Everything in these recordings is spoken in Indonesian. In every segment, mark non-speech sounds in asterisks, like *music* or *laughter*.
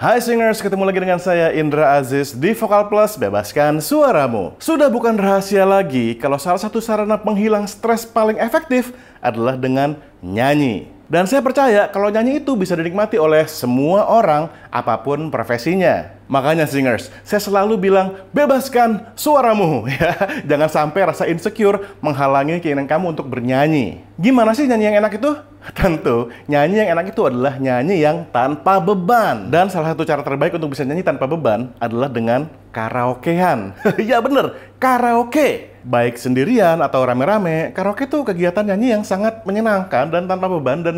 Hai Singers, ketemu lagi dengan saya Indra Aziz di Vokal Plus Bebaskan Suaramu. Sudah bukan rahasia lagi kalau salah satu sarana penghilang stres paling efektif adalah dengan nyanyi. Dan saya percaya kalau nyanyi itu bisa dinikmati oleh semua orang apapun profesinya. Makanya singers, saya selalu bilang bebaskan suaramu *laughs* ya. Jangan sampai rasa insecure menghalangi keinginan kamu untuk bernyanyi. Gimana sih nyanyi yang enak itu? *laughs* Tentu, nyanyi yang enak itu adalah nyanyi yang tanpa beban. Dan salah satu cara terbaik untuk bisa nyanyi tanpa beban adalah dengan karaokean. *laughs* ya bener, karaoke baik sendirian atau rame-rame, karaoke tuh kegiatan nyanyi yang sangat menyenangkan dan tanpa beban dan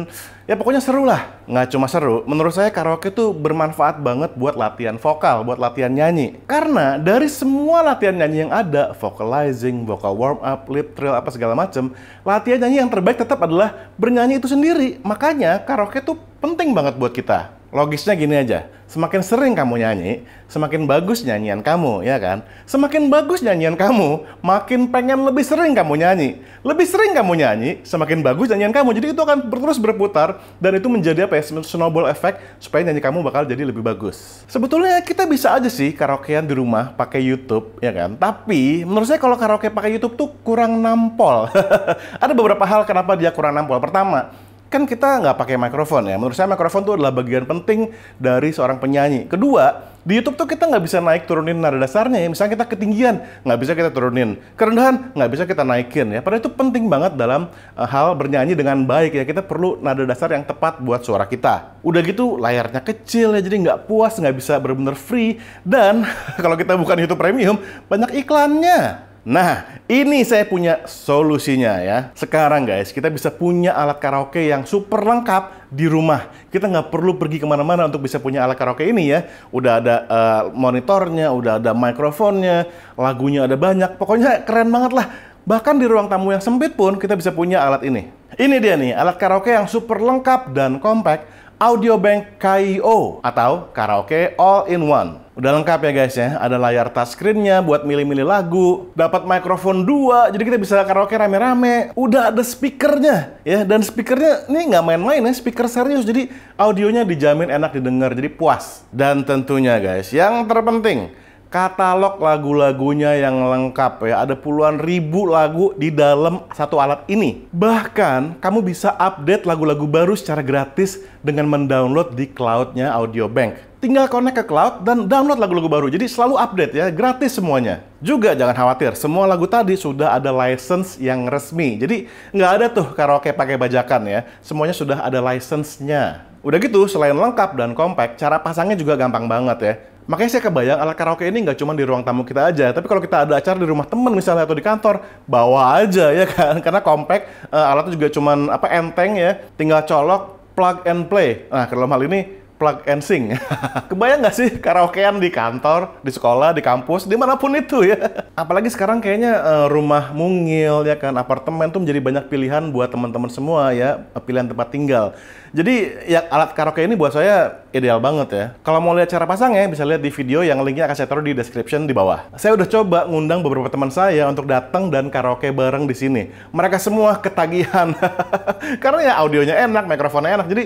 ya pokoknya seru lah. Nggak cuma seru, menurut saya karaoke tuh bermanfaat banget buat latihan vokal, buat latihan nyanyi. Karena dari semua latihan nyanyi yang ada, vocalizing, vocal warm up, lip trill, apa segala macem, latihan nyanyi yang terbaik tetap adalah bernyanyi itu sendiri. Makanya karaoke tuh penting banget buat kita. Logisnya gini aja, semakin sering kamu nyanyi, semakin bagus nyanyian kamu, ya kan? Semakin bagus nyanyian kamu, makin pengen lebih sering kamu nyanyi. Lebih sering kamu nyanyi, semakin bagus nyanyian kamu. Jadi itu akan terus berputar dan itu menjadi apa ya? Snowball effect supaya nyanyi kamu bakal jadi lebih bagus. Sebetulnya kita bisa aja sih karaokean di rumah pakai YouTube, ya kan? Tapi menurut saya kalau karaoke pakai YouTube tuh kurang nampol. *laughs* Ada beberapa hal kenapa dia kurang nampol. Pertama, kan kita nggak pakai mikrofon ya. Menurut saya mikrofon itu adalah bagian penting dari seorang penyanyi. Kedua, di YouTube tuh kita nggak bisa naik turunin nada dasarnya ya. Misalnya kita ketinggian, nggak bisa kita turunin. Kerendahan, nggak bisa kita naikin ya. Padahal itu penting banget dalam uh, hal bernyanyi dengan baik ya. Kita perlu nada dasar yang tepat buat suara kita. Udah gitu layarnya kecil ya, jadi nggak puas, nggak bisa benar-benar free. Dan *laughs* kalau kita bukan YouTube Premium, banyak iklannya. Nah, ini saya punya solusinya ya. Sekarang guys, kita bisa punya alat karaoke yang super lengkap di rumah. Kita nggak perlu pergi kemana-mana untuk bisa punya alat karaoke ini ya. Udah ada uh, monitornya, udah ada mikrofonnya, lagunya ada banyak. Pokoknya keren banget lah. Bahkan di ruang tamu yang sempit pun kita bisa punya alat ini. Ini dia nih, alat karaoke yang super lengkap dan compact. Bank KIO atau Karaoke All-in-One. Udah lengkap ya guys ya, ada layar touchscreennya buat milih-milih lagu, dapat mikrofon dua, jadi kita bisa karaoke rame-rame. Udah ada speakernya ya, dan speakernya ini nggak main-main ya, speaker serius, jadi audionya dijamin enak didengar, jadi puas. Dan tentunya guys, yang terpenting, katalog lagu-lagunya yang lengkap ya. Ada puluhan ribu lagu di dalam satu alat ini. Bahkan kamu bisa update lagu-lagu baru secara gratis dengan mendownload di cloudnya Bank tinggal connect ke cloud dan download lagu-lagu baru. Jadi selalu update ya, gratis semuanya. Juga jangan khawatir, semua lagu tadi sudah ada license yang resmi. Jadi nggak ada tuh karaoke pakai bajakan ya. Semuanya sudah ada license-nya. Udah gitu, selain lengkap dan compact, cara pasangnya juga gampang banget ya. Makanya saya kebayang alat karaoke ini nggak cuma di ruang tamu kita aja, tapi kalau kita ada acara di rumah temen misalnya atau di kantor, bawa aja ya kan, *laughs* karena compact, eh, alatnya juga cuma apa enteng ya, tinggal colok, plug and play. Nah, kalau hal ini plug and sing. *laughs* Kebayang nggak sih karaokean di kantor, di sekolah, di kampus, dimanapun itu ya. *laughs* Apalagi sekarang kayaknya uh, rumah mungil ya kan, apartemen tuh menjadi banyak pilihan buat teman-teman semua ya, pilihan tempat tinggal. Jadi ya alat karaoke ini buat saya ideal banget ya. Kalau mau lihat cara pasangnya bisa lihat di video yang linknya akan saya taruh di description di bawah. Saya udah coba ngundang beberapa teman saya untuk datang dan karaoke bareng di sini. Mereka semua ketagihan *laughs* karena ya audionya enak, mikrofonnya enak. Jadi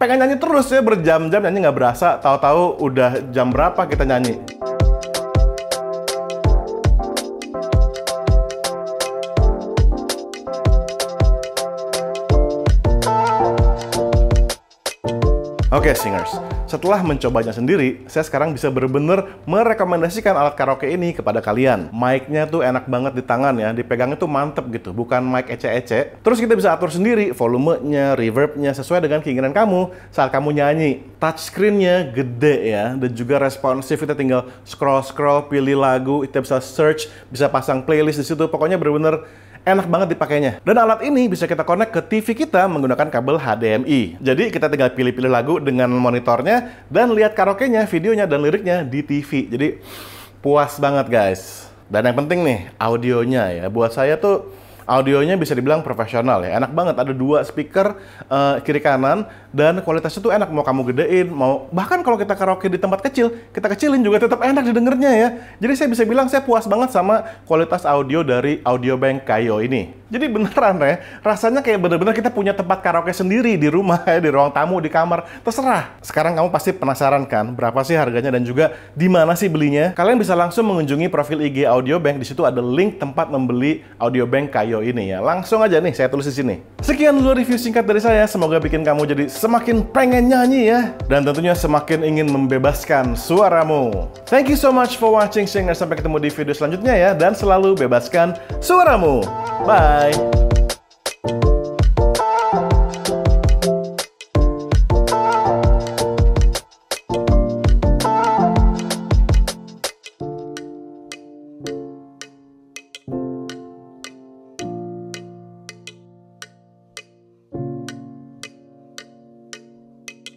pengen nyanyi terus ya berjam-jam nyanyi nggak berasa tahu-tahu udah jam berapa kita nyanyi Oke, okay, singers. Setelah mencobanya sendiri, saya sekarang bisa benar-benar merekomendasikan alat karaoke ini kepada kalian. Mic-nya tuh enak banget di tangan ya, dipegangnya tuh mantep gitu, bukan mic ece-ece. Terus kita bisa atur sendiri volumenya, reverbnya sesuai dengan keinginan kamu saat kamu nyanyi. Touchscreen-nya gede ya, dan juga responsif. Kita tinggal scroll-scroll, pilih lagu, kita bisa search, bisa pasang playlist di situ. Pokoknya benar-benar enak banget dipakainya. Dan alat ini bisa kita connect ke TV kita menggunakan kabel HDMI. Jadi kita tinggal pilih-pilih lagu dengan monitornya dan lihat karaoke-nya, videonya, dan liriknya di TV. Jadi puas banget guys. Dan yang penting nih, audionya ya. Buat saya tuh Audionya bisa dibilang profesional ya, enak banget. Ada dua speaker uh, kiri kanan dan kualitasnya tuh enak. Mau kamu gedein, mau bahkan kalau kita karaoke di tempat kecil, kita kecilin juga tetap enak didengarnya ya. Jadi saya bisa bilang saya puas banget sama kualitas audio dari Audio Bank Kayo ini. Jadi beneran ya, rasanya kayak bener-bener kita punya tempat karaoke sendiri di rumah ya, di ruang tamu, di kamar, terserah. Sekarang kamu pasti penasaran kan, berapa sih harganya dan juga di mana sih belinya? Kalian bisa langsung mengunjungi profil IG Audio Bank. di situ ada link tempat membeli Audio bank Kayo Ayo ini ya. Langsung aja nih saya tulis di sini. Sekian dulu review singkat dari saya. Semoga bikin kamu jadi semakin pengen nyanyi ya dan tentunya semakin ingin membebaskan suaramu. Thank you so much for watching Singer. Sampai ketemu di video selanjutnya ya dan selalu bebaskan suaramu. Bye.